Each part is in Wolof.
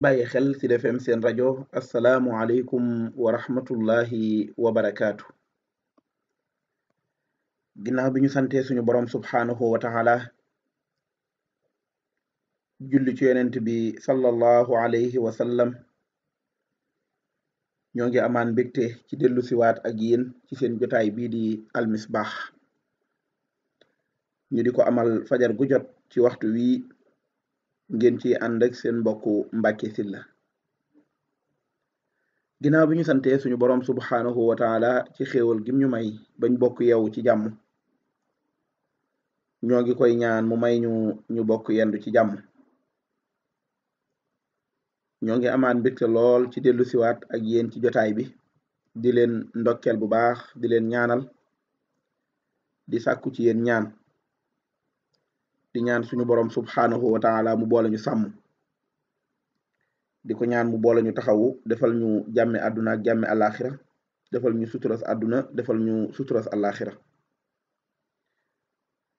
bàyyi xel ci defm seen rajo asalaamualeykum wa rahmatullahi wa barakaatu ginnaaw bi ñu sante suñu borom subhaanahu wa taala julli ci yonent bi sallallahu alayhi wa ñoo ngi amaan mbégte ci dellu siwaat ak yéen ci seen jotaay bii di almisbaax ñu di ko amal fajar gu jot ci waxtu wii ngeen ci ànd seen mbokku Mbàkke Sylla ginnaaw bi ñu santee suñu boroom subhaanahu wa taala ci xéewal gim ñu may bañ bokk yeewu ci jàmm ñoo ngi koy ñaan mu may ñu ñu bokk yendu ci jàmm ñoo ngi amaat mbégte lool ci dellu siwaat ak yéen ci jotaay bi di leen ndokkeel bu baax di leen ñaanal di sàkku ci yéen ñaan di ñaan suñu borom subhaanahu wa taala mu boole ñu sàmm di ko ñaan mu boole ñu taxawu defal ñu jàmme àdduna ak jàmme alaxira defal ñu suturas àdduna defal ñu suturas alaxira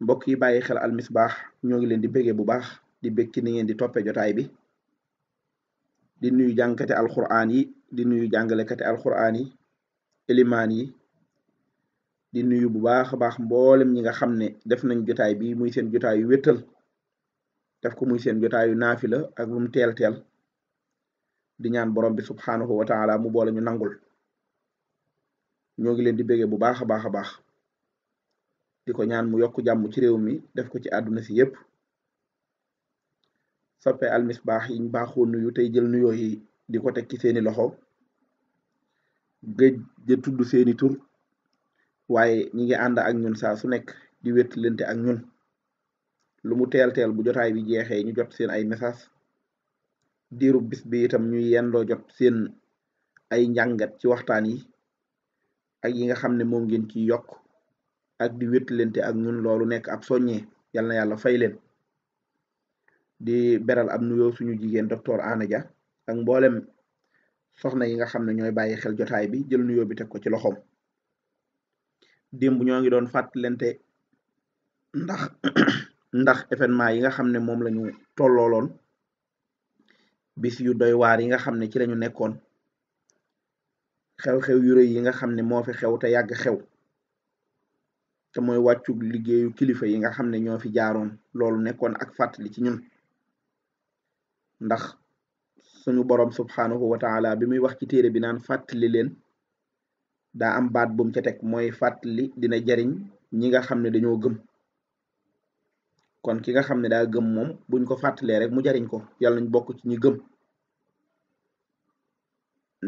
mbokk yi bàyyi xel Al Misbah ñoo ngi leen di béggee bu baax di bég ci ni ngeen di toppee jotaay bi di nuyu jàngkate alquran yi di nuyu jàngalekate alquran yi ilimaan yi di nuyu bu baax a baax mboolem ñi nga xam ne def nañ jotaay bi muy seen jotaayu wéttal def ko muy seen jotaayu naafila ak lu mu teel teel di ñaan borom bi subxanahu wa taala mu boole ñu nangul ñoo ngi leen di béggee bu baax a baax a baax di ko ñaan mu yokk jàmm ci réew mi def ko ci àdduna si yépp soppe baax yi ñu baaxoo nuyu tey jël nuyoo yi di ko teg ci seeni loxo gëj ja tudd seeni tur. waaye ñi ngi ànd ak ñun saa su nekk di wéttalante ak ñun lu mu teel-teel bu jotaay bi jeexee ñu jot seen ay message diirub bis bi itam ñuy yendoo jot seen ay njàngat ci waxtaan yi ak yi nga xam ne moom ngeen ciy yokk ak di wéttalante ak ñun loolu nekk ab soññee yal na yàlla fay leen di beral ab nuyoo suñu jigéen docteur Anna ja ak mboolem soxna yi nga xam ne ñooy bàyyi xel jotaay bi jël nuyoo bi teg ko ci loxoom démb ñoo ngi doon fàttalante ndax ndax événement yi nga xam ne moom lañu ñu tollooloon bis yu doy waar yi nga xam ne ci lañu nekkoon xew-xew yu rëy yi nga xam ne moo fi xew te yàgg xew te mooy wàccu liggéeyu kilifa yi nga xam ne ñoo fi jaaroon loolu nekkoon ak fàttali ci ñun ndax suñu boroom subhaanahu wa taala bi muy wax ci téere bi naan fàttali leen daa am baat bum ca teg mooy fàttali dina jariñ ñi nga xam ne dañoo gëm kon ki nga xam ne daa gëm moom buñ ko fàttalee rek mu jariñ ko yàlla nañ bokk ci ñi gëm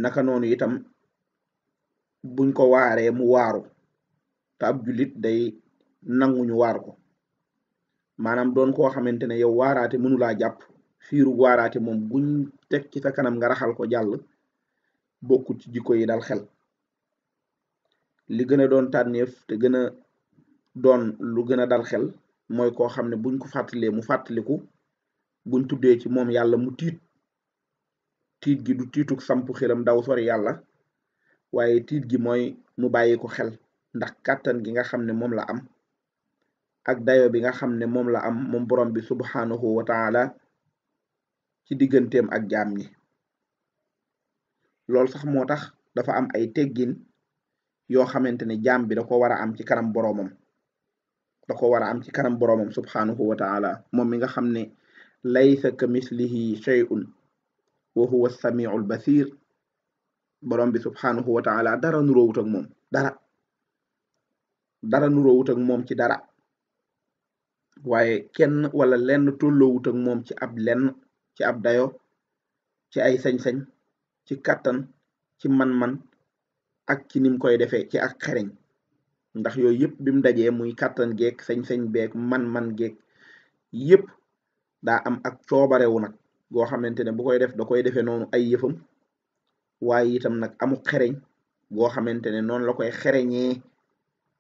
naka noonu itam buñ ko waaree mu waaru te ab jullit day nanguñu waar ko maanaam doon koo xamante ne yow waaraate mënulaa jàpp fiiru waaraate moom guñ teg ci sa kanam nga raxal ko jàll bokkut ci jikko yi dal xel li gën a doon tànneef te gën a doon lu gën a dal xel mooy koo xam ne buñ ko fàttalee mu fàttaliku buñ tuddee ci moom yàlla mu tiit tiit gi du tiituk sampu xelam daw sori yàlla waaye tiit gi mooy mu bàyyi ko xel ndax kàttan gi nga xam ne moom la am ak dayo bi nga xam ne moom la am moom borom bi subhaanahu wa taala ci digganteem ak jaam ñi loolu sax moo tax dafa am ay teggin yoo xamante ne jaam bi da ko war a am ci kanam boroomam da ko war a am ci kanam boroomam subhaanahu wa taala moom mi nga xam ne laysa ka mislihi shay'un wa huwa samiul basir borom bi subhaanahu wa taala dara nuróowut ak moom dara dara nuróowut ak moom ci dara waaye kenn wala lenn tolloowut ak moom ci ab lenn ci ab dayo ci ay sañ-sañ ci kàttan ci man-man ak ci nim koy defee ci ak xereñ ndax yooyu yëpp bi mu dajee muy kàttan geek sañ-sañ beek man-man geek yëpp daa am ak coobarewu nag goo xamante ne bu koy def da koy defee noonu ay yëfam waaye itam nag amu xereñ goo xamante ne noonu la koy xereñee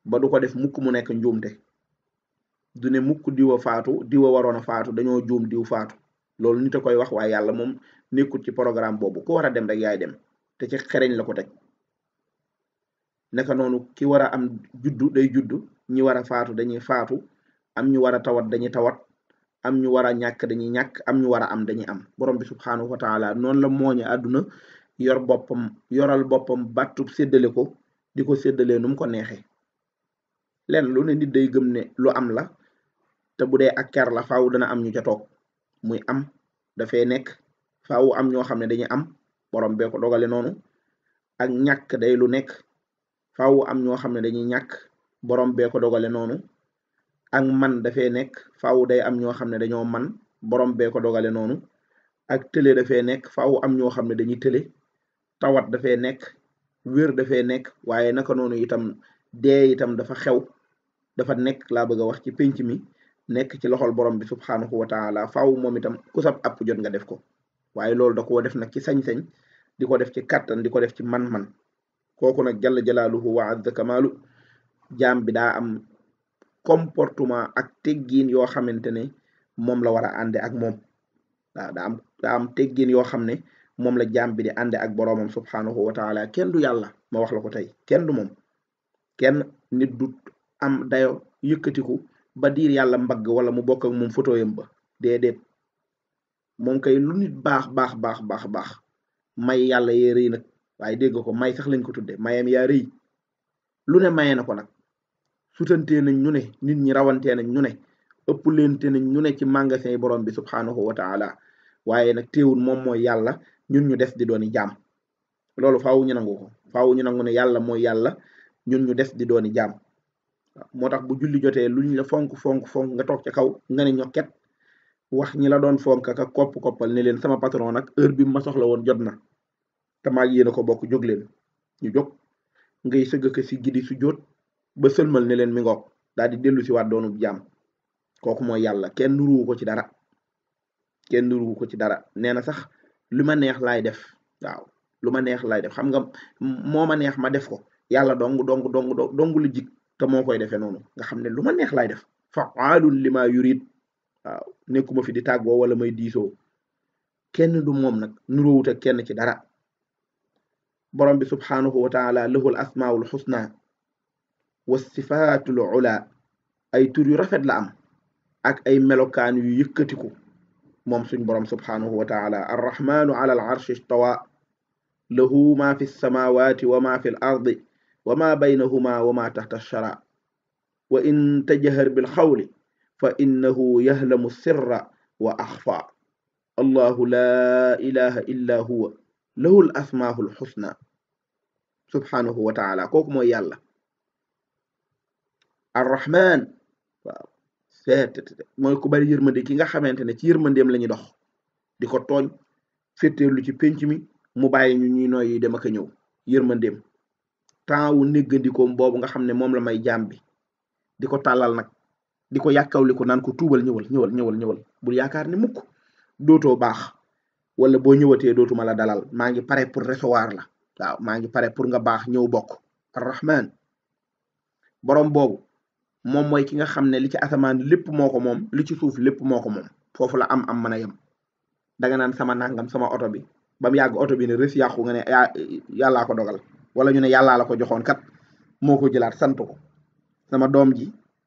ba du ko def mukk mu nekk njuumte du ne mukk diwa faatu diwa waroon a faatu dañoo jum diw faatu loolu nit a koy wax waaye yàlla moom nekkul ci programme boobu ku war a dem rek yaay dem te ci xereñ la ko teg naka noonu ki war a am juddu day juddu ñi war a faatu dañuy faatu am ñu war a tawat dañuy tawat am ñu war a ñàkk dañuy ñàkk am ñu war a am dañuy am borom bi subhaanahu wa taala noonu la mooñe àdduna yor boppam yoral boppam bàttub seddale ko di ko séddalee nu mu ko neexee len lu ne nit day gëm ne lu am la te bu dee ak ker la faaw dana am ñu ca muy am dafay nekk faaw am ñoo xam ne dañuy am borom bee ko dogale noonu ak ñàkk day lu nekk faaw am ñoo xam ne dañuy ñàkk borom bee ko dogale noonu ak man dafe nekk faaw day am ñoo xam ne dañoo man borom bee ko noonu ak tële dafee nekk faaw am ñoo xam ne dañuy tële tawat dafe nekk wér dafee nekk waaye naka noonu itam dee itam dafa xew dafa nekk laa bëgg a wax ci pénc mi nekk ci loxol borom bi subxanahu wa taala faaw moom itam ku sab app jot nga def ko waaye loolu da koo def nag ci sañ-sañ di ko def ci kàttan di ko def ci man-man. kooku nag jalla jalaaluhu wa azza kamaalu jaam bi daa am comportement ak teggiin yoo xamante ne moom la war a ànde ak moom waaw daa am daa am teggiin yoo xam ne moom la jaam bi di ànde ak boroomam subhaanahu wa taala kenn du yàlla ma wax la ko tey kenn du moom kenn nit du am dayo yëkkatiku ba diir yàlla mbagg wala mu bokk ak moom fotoyam ba déedéet moom kay lu nit baax baax baax baax baax may yàlla yee rëy nag waaye dégg ko may sax lañ ko tudde mayam yaa rëy lu ne maye na ko nag sutantee nañ ñu ne nit ñi rawantee nañ ñu ne ëpp leente nañ ñu ne ci magasin yi borom bi subhaanahu wa taala waaye nag téewul moom mooy yàlla ñun ñu des di dooni jaam loolu faaw ñu nangu ko ne yàlla mooy yàlla ñun ñu des di dooni jaam moo tax bu julli jotee luñ la fonk fonk fonk nga toog ca kaw nga ne ñokket wax ñi la doon fonk ka kopp koppal ne leen sama patron nag heure bi ma soxla woon jot na te maag yéen a ko bokk jóg leen ñu jóg ngay sëgg ko si gidi su jóot ba sëlmal ne leen mi ngoog daal di dellu si waat doonub jaam kooku mooy yàlla kenn nuruwu ko ci dara kenn nuruwu ko ci dara nee na sax lu ma neex laay def waaw lu ma neex laay def xam nga moo ma neex ma def ko yàlla dong dong dong dong lu jig te moo koy defee noonu nga xam ne lu ma neex laay def faalun li ma yurid waaw nekkuma fi di tàggoo wala may diisoo kenn du moom nag nuróowut ak kenn ci dara borom bi subhaanahu wa taala lahul asmaul xusna wa sifaatul ula ay tur yu rafet la am ak ay melokaan yu yëkkatiku moom suñ borom subhaanahu wa taala arrahmaanu ala al arshi istawa lahu ma fi lsamawati wa ma fi l ardi wa ma baynahuma wa ma taxta shara wa in tajhar bilxawli fa innahu yahlamu sirra wa axfa allahu la ilaha illa huwa lahul asmaahul xusna subhaanahu wa taala kooku mooy yàlla arrahman waaw seet mooy ku bari yërmande ki nga xamante ne ci yërmandeem la ñuy dox di ko tooñ fétteerlu ci pénc mi mu bàyyi ñu ñuy nooyi dem ak a ñëw yërmandeem temps wu néggandikoom boobu nga xam ne moom la may jaam bi di ko tàllal nag di ko yàkkawli naan ko tuubal ñëwal ñëwal ñëwal ñëwal bul yaakaar ne mukk baax wala boo ñëwatee dootuma la dalal maa ngi pare pour recevoir la waaw maa ngi pare pour nga baax ñëw bokk arrahman borom boobu moom mooy ki nga xam ne li ci asamaan lépp moo ko moom li ci suuf lépp moo ko moom foofu la am am mën a yem danga naan sama nangam sama oto bi ba mu yàgg oto bi ne rës yàqu nga ne yàllaa ko dogal wala ñu ne yàllaa la ko joxoon kat moo ko jëlaat sant ko sama doom ji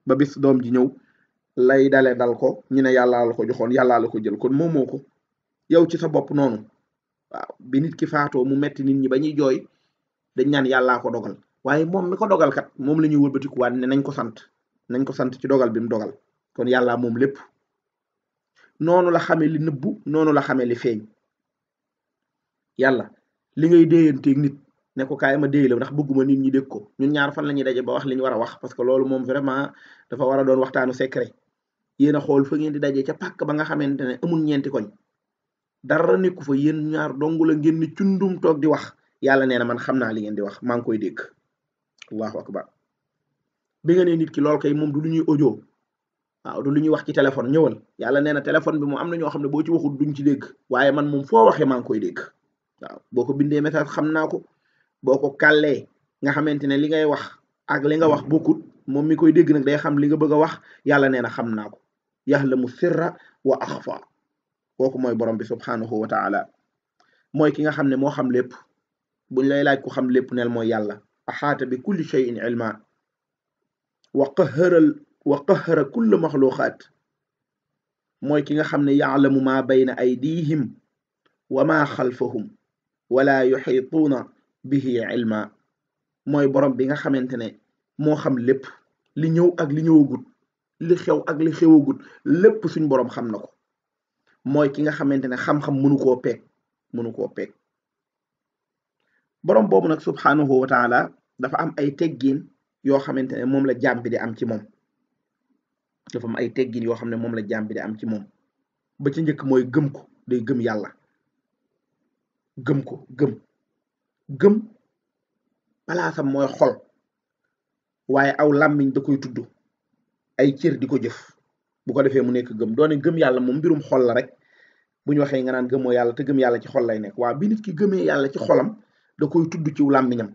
ba bis doom ji ñëw lay dale dal ko ñu ne yàllaa la ko joxoon yàllaa la ko jël kon moom moo ko yow ci sa bopp noonu waaw bi nit ki faatoo mu metti nit ñi ba ñuy jooy dañ naan yàllaa ko dogal waaye moom mi ko dogal kat moom la ñuy wëlbatikuwaat ne nañ ko sant nañ ko sant ci dogal bi mu dogal kon yàllaa moom lépp noonu la xamee li nëbbu noonu la xamee li feeñ yàlla li ngay déeyanteeg nit ne ko kaay ma déey la ndax bëgguma nit ñi dégg ko ñun ñaar fa la ñuy daje ba wax li ñu war a wax parce que loolu moom vraiment dafa war doon waxtaanu secret yéen a xool fa ngeen di daje ca pàkk ba nga xamante ne amul ñeenti koñ dara ku fa yéen ñaar dong la ngeen ni cundum toog di wax yàlla nee na man xam naa li ngeen di wax maa ngi koy dégg allahu akbar bi nga ne nit ki lool kay moom du lu ñuy audio waaw du lu ñuy wax ci téléphone ñëwal yàlla nee na téléphone bi moom am na ñoo xam ne boo ci waxul duñ ci dégg waaye man moom foo waxee maa koy dégg waaw boo ko bindee message xam naa ko boo ko kàllee nga xamante ne li ngay wax ak li nga wax bokkut moom mi koy dégg nag day xam li nga bëgg a wax yàlla nee na xam naa ko yaxlamu sirra wa axfa kooku mooy borom bi subhaanahu wa taala mooy ki nga xam ne moo xam lépp buñ lay laaj ku xam lépp neel mooy yàlla axaata bi kulli cheyin ilma wa qaharal wa qahara kulla maxluqaat mooy ki nga xam ne yaalamu maa bayna aydihim wa maa xalfahum wala yuxiituuna bihi ilma mooy borom bi nga xamante ne moo xam lépp li ñëw ak li ñëwagut li xew ak li xewagut lépp suñ borom xam na ko mooy ki nga xamante ne xam-xam mënu koo peeg mënu koo peeg boroom boobu nag subhaanahu wa taala dafa am ay teggin yoo xamante ne moom la jaam bi di am ci moom dafa ay teggin yoo xam ne moom la jaam bi di am ci moom ba ci njëkk mooy gëm ko day gëm yàlla gëm ko gëm gëm palaasam mooy xool waaye aw làmmiñ da koy tudd ay cër di ko jëf bu ko defee mu nekk gëm doone gëm yàlla moom mbirum xol la rek bu ñu waxee nga naan gëmoo yàlla te gëm yàlla ci xol lay nekk waaw bi nit ki gëmee yàlla ci xolam da koy tudd ci làmmiñam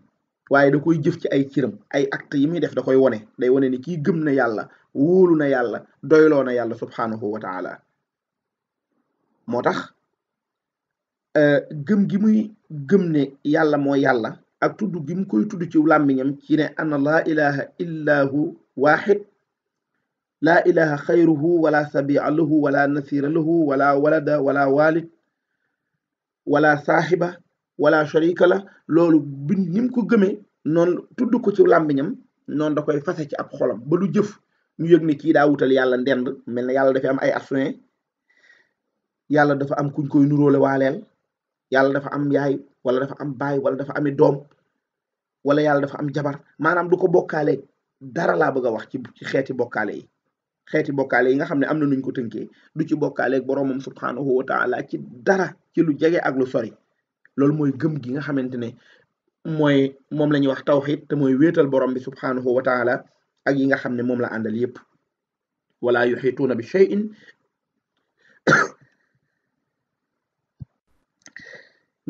waaye da koy jëf ci ay ciram ay acte yi muy def da koy wone day wone ni kii gëm na yàlla wóolu na yàlla doyloo na yàlla subhaanahu wa taala moo tax euh, gëm gi muy gëm ne yàlla moo yàlla ak tudd gi koy tudd ci làmmiñam ci ne ana laa ilaha illa laa ilaha xayruhu wala sabia lahu wala nasira lahu wala walada wala walid wala saaxiba wala sharika la loolu bi ni mu ko gëmee noonu tudd ko ci làmmiñam noonu da koy fase ci ab xolam ba du jëf ñu yëg ne daa wutal yàlla ndend mel na yàlla dafa am ay assoin yàlla dafa am kuñ koy nuróole waaleel yàlla dafa am yaay wala dafa am baay wala dafa ami doom wala yàlla dafa am jabar maanaam du ko bokkaale dara laa bëgg wax ci ci xeeti bokkaale yi xeeti bokkaale yi nga xam ne am na nuñ ko tënkee du ci bokkaaleeg boroomam subhaanahu wa taala ci dara ci lu jege ak lu sori loolu mooy gëm gi nga xamante ne mooy moom la ñuy wax tawxid te mooy wéetal borom bi subhaanahu wa taala ak yi nga xam ne moom la àndal yépp wala yuxiituuna bi cheyin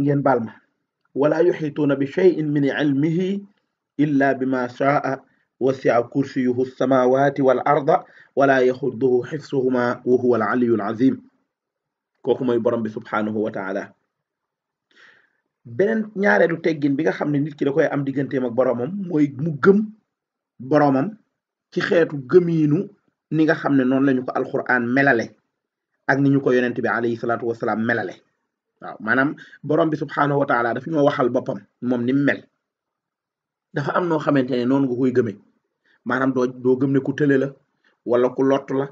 ngeen baal ma wala yuxiituuna bi cheyin min ilmihi illa bi ma chaa وسع كرسيه السماوات والأرض ولا يخده حفظهما وهو العلي العظيم kooku mooy borom bi subhanahu wa taala beneen ñaareelu teggin bi nga xam ne nit ki la koy am digganteem ak boromam mooy mu gëm boromam ci xeetu gëmiinu ni nga xam ne noonu la ñu ko alquran melale ak ni ñu ko yonent bi alayhi salaatu wasalaam melale waaw maanaam borom bi subhanahu wa taala daf ñoo waxal boppam moom ni mu mel dafa am noo xamante ne noonu nga koy gëmee maanaam doo doo gëm ne ku tële la wala ku lott la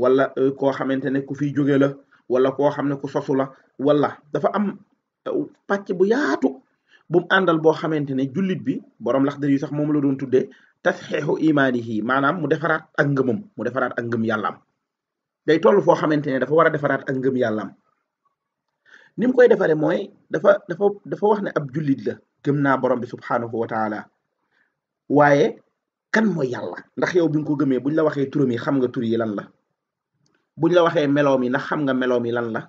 wala euh, koo xamante ne ku fi jóge la wala koo xam ne ku sosu la wala dafa am euh, pàcc bu yaatu bu mu àndal boo xamante ne jullit bi borom Laxdari sax moom la doon tuddee tasxeexu imaanihi maanaam mu defaraat ak ngëmam mu defaraat ak ngëm yàllaam day toll foo xamante ne dafa war a defaraat ak ngëm yàllaam ni mu koy defaree mooy dafa dafa dafa wax ne ab jullit la gëm naa borom bi subxanahu wa taala waaye kan mooy yàlla ndax yow bi nga ko gëmee buñ la waxee turam yi xam nga tur yi lan la buñ la waxee meloom yi ndax xam nga meloom yi lan la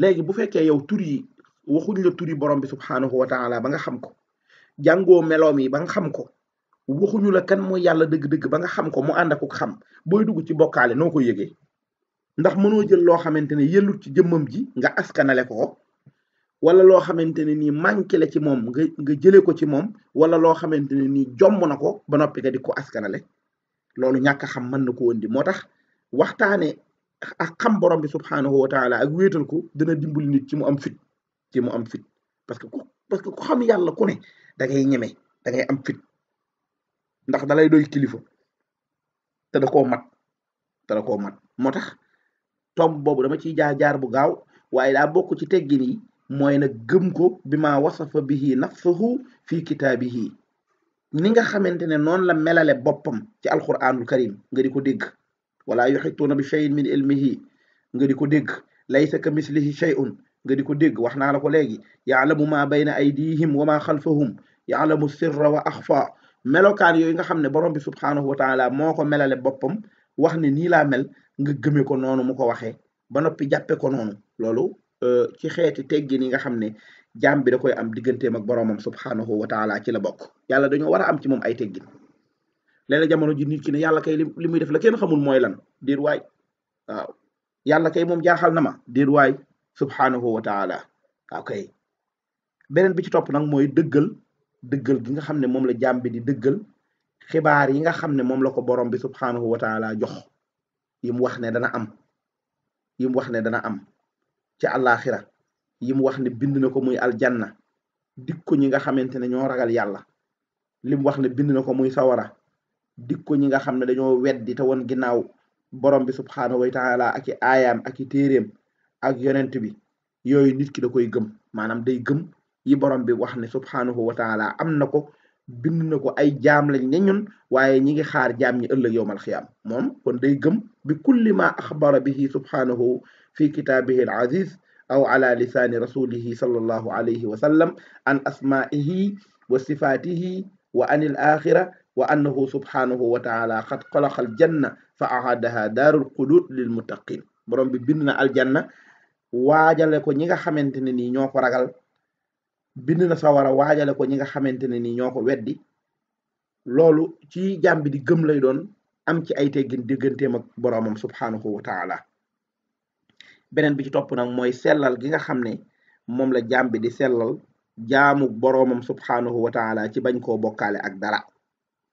léegi bu fekkee yow turi yi waxuñ la turi borom bi subxanahu wa taala ba nga xam ko jàngoo meloom yi ba nga xam ko waxuñu la kan mooy yàlla dëgg-dëgg ba nga xam ko mu ànd ak xam booy dugg ci bokkaale noo ko yëgee ndax mënoo jël loo xamante ne yëllut ci jëmmam ji nga askanale ko wala loo xamante ne nii manqué la ci moom nga nga jëlee ko ci moom wala loo xamante ne nii jomb na ko ba noppi nga di ko askanale loolu ñàkk xam mën na ko woon di moo tax waxtaane ak xam borom bi subhaanahu wa taala ak wéetal ko dana dimbali nit ci mu am fit ci mu am fit parce que ku parce que ku xam yàlla ku ne da ngay ñeme da ngay am fit ndax dalay doy kilifa te da koo mat te da ko mat moo tax tomb boobu dama ciy jaar jaar bu gaaw waaye daa bokk ci teggin yi mooy nag gëm ko bi ma wasafa bihi nafsuhu fii kitaabihi ni nga xamante ne noonu la melale boppam ci alquranul karim nga di ko dégg wala yuxituuna bi cheyin min ilmihi nga di ko dégg laysa ka mislihi cheyun nga di ko dégg wax naa la ko léegi mu ma bayna aydihim wa ma xalfahum yaalamu sirra wa axfa melokaan yooyu nga xam ne borom bi subhaanahu wa taala moo ko melale boppam wax ne nii laa mel nga gëme ko noonu mu ko waxee ba noppi jàppe ko noonu loolu Euh, ci xeeti teggin yi nga xam ne jaam bi da koy am digganteem ak boroomam subhaanahu wa taala ci la bokk yàlla dañoo war a am ci moom ay teggin léeg-léeg jamono ji nit ki ne yàlla kay li muy def la kenn xamul mooy lan diir yàlla kay moom jaaxal na ma diir waay subhaanahu wa taala beneen bi ci topp nag mooy dëggal dëggal gi nga xam ne moom la jaam bi di dëggal xibaar yi nga xam ne moom la ko borom bi subhaanahu wa taala jox yim wax ne dana am yim wax ne dana am ci àllaaxira yi mu wax ne bind na ko muy aljanna dikko ñi nga xamante ne ñoo ragal yàlla lim wax ne bind na ko muy sawara dikko ñi nga xam ne dañoo weddi ta woon ginnaaw borom bi subxanahu wa taala ak i ak i téeréem ak yonent bi yooyu nit ki da koy gëm maanaam day gëm yi borom bi wax ne subxanahu wa taala am na ko bind na ko ay jaam lañ ne ñun waaye ñi ngi xaar jaam ñi ëllëg yowmal xiyaam moom kon day gëm bi kulli ma axbara bihi subxanahu fi kitaabihi al aziz aw ala lisaani rasulihi sallallahu alayhi wa sallam an asma'ihi wa sifatihi wa an al wa annahu subhanahu wa taala xad xalaqa fa ahadaha daarul xuluud lil muttaqin borom bi bind na aljanna waajale ko ñi nga xamante ne nii ñoo ko ragal bind na sawara waajale ko ñi nga xamante ne nii ñoo ko weddi loolu ci jàmm bi di gëm lay doon am ci ay teggin digganteem ak boromam subhanahu wa taala beneen bi ci topp nag mooy sellal gi nga xam ne moom la jaam bi di sellal jaamu boroomam subhaanahu wa taala ci bañ koo bokkaale ak dara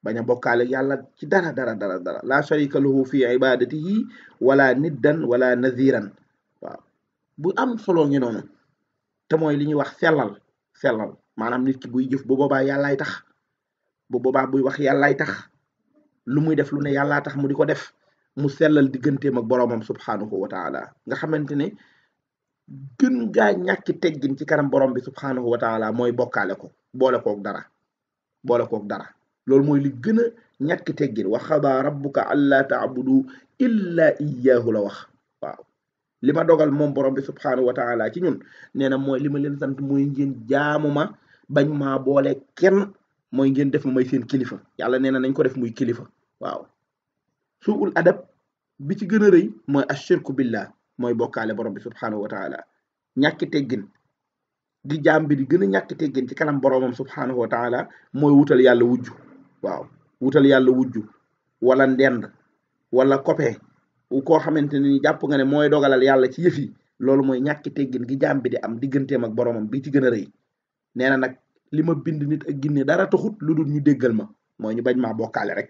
bañ a bokkaale yàlla ci dara dara dara dara laa sharika lahu fi ibadatihi wala niddan wala naziran waaw bu am solo ngi noonu te mooy li ñuy wax sellal sellal maanaam nit ki buy juuf bu boobaa yàllaay tax bu boobaa buy wax yàllaay tax lu muy def lu ne yàllaa tax mu di ko def mu sellal digganteem ak boroomam subhaanahu wa taala nga xamante ne gën gaa ñàkki teggin ci kanam borom bi subhaanahu wa taala mooy bokkaale ko boole kook dara boole koog dara loolu mooy li gën a ñàkki teggin wa xadaa rabbuka allaa taabudu illaa iyaahu la wax waaw li ma dogal moom borom bi subhaanahu wa taala ci ñun nee na mooy li ma leen sant mooy ngeen jaamu ma bañ maa boole kenn mooy ngeen def ma may seen kilifa yàlla nee na nañ ko def muy kilifa suul adab bi ci gën a rëy mooy ashirku billah mooy bokkaale borom bi subhanahu wa taala ñàkki teggin gi jaam bi di gën a ñàkki teggin ci kanam boromam subhanahu wa taala mooy wutal yàlla wujju waaw wutal yàlla wujju wala ndend wala kopee koo xamante ne ni jàpp nga ne mooy dogalal yàlla ci yëf yi loolu mooy ñàkki teggin gi jaam bi di am digganteem mag boromam bi ci gën a rëy nee na nag li ma bind nit ak ginne dara taxut lu dul ñu déggal ma mooy ñu bañ maa bokkaale rek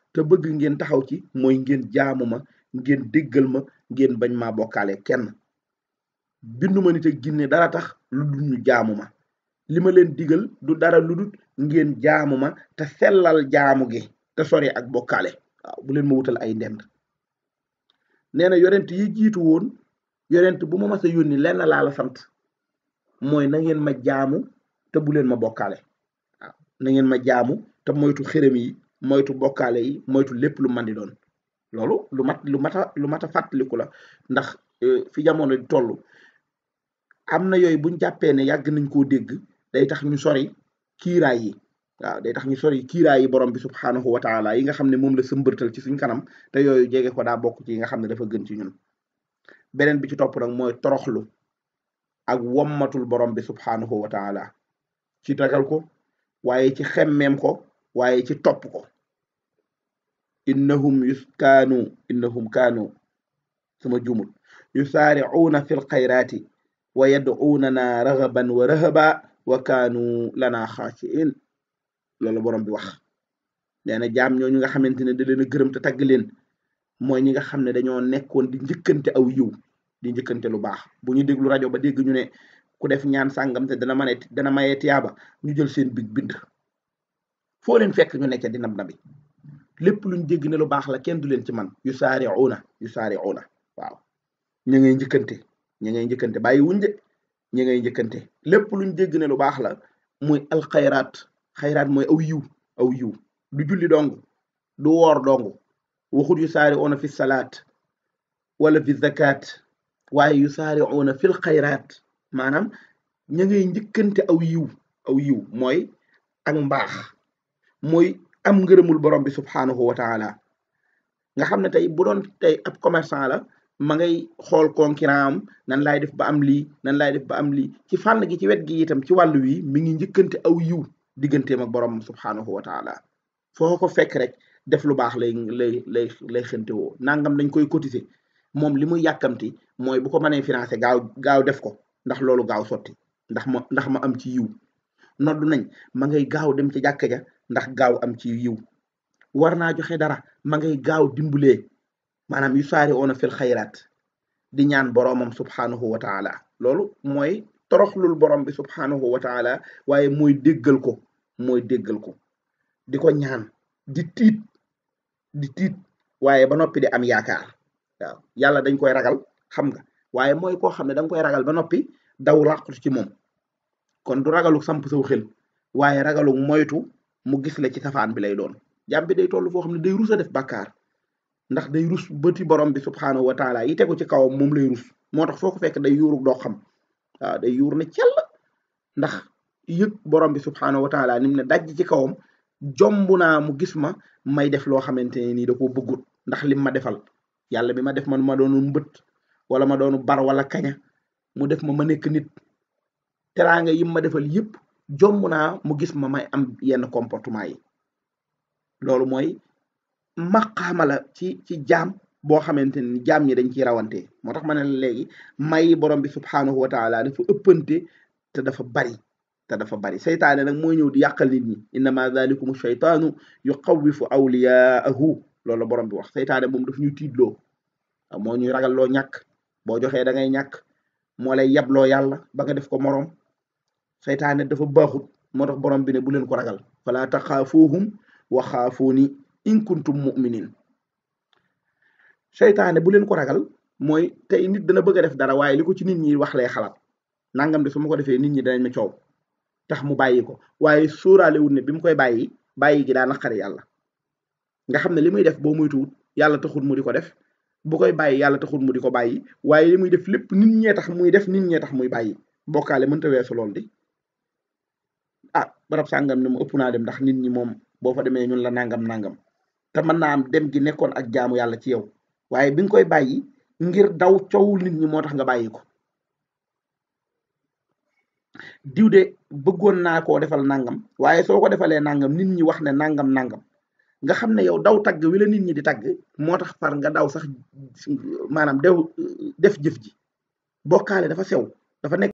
te bëgg ngeen taxaw ci mooy ngeen jaamu ma ngeen déggal ma ngeen bañ ma bokkaale kenn binduma nit ak jinne dara tax lu dul ñu jaamu ma li ma leen digal du dara lu dul ngeen jaamu ma te sellal jaamu gi te sori ak bokkaale waaw bu leen ma wutal ay ndend nee na yonent yi jiitu woon yonent bu ma mas a yónni lenn laa la sant mooy na ngeen ma jaamu te bu leen ma bokkaale waaw na ngeen ma jaamu te moytu xërëm yi moytu bokkaale yi moytu lépp lu man di doon loolu lu mat lu mat a lu mat a fàttaliku la ndax euh, fi jamono di toll am na yooyu buñ jàppee ne yàgg nañ koo dégg day tax ñu sori kiiraay yi waaw day tax ñu sori kiiraay yi borom bi subhaanahu wa taala yi nga xam ne moom la sëmbërtal ci suñ kanam te yooyu jege ko daa bokk ci yi nga xam ne dafa gën ci ñun beneen bi ci topp nag mooy toroxlu ak wommatul borom bi subhaanahu wa taala ci tagal ko waaye ci xemmeem ko waaye ci topp ko innahum yuskaanu innahum kaanu sama jumut yusaaricuuna fi lxayraati wa yadcuunanaa ragaban wa rahaba wa kaanu lanaa xaashiin loolu borom bi wax nee jaam jaam ñu nga xamante ne da leen a gërëm te tagg leen mooy ñi nga xam ne dañoo nekkoon di njëkkante aw yiw di njëkkante lu baax bu ñu déglu rajo ba dégg ñu ne ku def ñaan sàngam te dana mane dana mayee tiyaaba ñu jël seen big bind foo leen fekk ñu nekk dina nabi lépp lu dégg ne lu baax la kenn du leen ci man yu saariuuna yu saariuuna waaw ñu ngay njëkkante ñu ngay njëkkante bàyyi wuñ de ñu ngay njëkkante lépp luñ dégg ne lu baax la muy alxayraat xayraat mooy aw yiw aw yiw du julli dong du woor dong waxut yu saariuuna fi salaat wala fi zakat waaye yu saariuuna fil xayraat maanaam ña ngay njëkkante aw yiw aw yiw mooy ak mbaax moy am ngërëmul borom bi subhaanahu wa taala nga xam ne tey bu doon tey ab commerçant la ma ngay xool concurrent am nan laay def ba am lii nan laay def ba am lii ci fànn gi ci wet gi itam ci wàllu wii mi ngi njëkkante aw yiw digganteem ma borom subhaanahu wa taala foo ko fekk rek def lu baax lay lay lay lay xënte woo nangam dañ koy cotiser moom li muy yàkkamti mooy bu ko manee financé gaaw gaaw def ko ndax loolu gaaw sotti ndax ma ndax ma am ci yiw noddu nañ ma ngay gaaw dem ci jàkka ja ndax gaaw am ci yiw war naa joxe dara ma ngay gaaw dimbulee maanaam yu saari oona fil xayraat di ñaan boroomam subhaanahu wa taala loolu mooy toroxlul borom bi subhaanahu wa taala waaye mooy déggal ko mooy déggal ko di ko ñaan di tiit di tiit waaye ba noppi di am yaakaar waaw yàlla dañ koy ragal xam nga waaye mooy ko xam ne dañ koy ragal ba noppi daw làqut ci moom kon du ragalu moytu mu gis la ci safaan bi lay doon jàm bi day toll foo xam ne day rus a def bàkkaar ndax day rus bëti borom bi subhaanahu wa taala tegu ci kawam moom lay rus moo tax foo ko fekk day yuuru doo xam day yuur ne cell ndax yëg borom bi subhaanahu wa taala ni ne dajj ci kawam jomb naa mu gis ma may def loo xamante ne nii da koo bëggut ndax lim ma defal yàlla bi ma def man ma doonu mbët wala ma doonu bar wala kaña mu def ma ma nekk nit teraanga yim ma defal yëpp jomb naa mu gis ma may am yenn comportement yi loolu mooy maqaama ci ci jaam boo xamante ni jaam ñi dañ ciy rawante moo tax ma ne la léegi may borom bi subhaanahu wa taala fo ëppante te dafa bari te dafa bari seytaane nag mooy ñëw di yàqal nit ñi innama dalikum shaytaanu yuxawwifu awliyaahu loolu borom bi wax seytaane moom daf ñuy tiidloo moo ñuy ragal loo ñàkk boo joxee da ngay ñàkk moo lay yabloo yàlla ba nga def ko moroom seytaane dafa baaxut moo tax borom bi ne bu leen ko ragal fala taxaafuuhum wa xaafuuni in kuntum muminin seytaane bu leen ko ragal mooy tey nit dana bëgg a def dara waaye li ko ci nit ñi wax lay xalaat nangam de su ma ko defee nit ñi danañ ma coow tax mu bàyyi ko waaye sóoraale ne bi mu koy bàyyi bàyyi gi daa naqari yàlla nga xam ne li muy def boo moytuwut yàlla taxul mu di ko def bu koy bàyyi yàlla taxul mu di ko bàyyi waaye li muy def lépp nit ñee tax muy def nit ñee tax muy bàyyi bokkaale mënta weesu lool di a ah, barab sàngam ne mu ëpp naa dem ndax nit ñi moom boo fa demee ñun la nangam nangam te mën naa am dem gi nekkoon ak jaamu yàlla ci yow waaye bi nga koy bàyyi ngir daw coowul nit ñi moo tax nga bàyyi ko diw de bëggoon naa koo defal nangam waaye soo ko defalee nangam nit ñi wax ne nangam nangam nga xam ne yow daw tagg wi la nit ñi di tagg moo tax far nga daw sax maanaam def jëf ji boo bokkaale dafa sew dafa nekk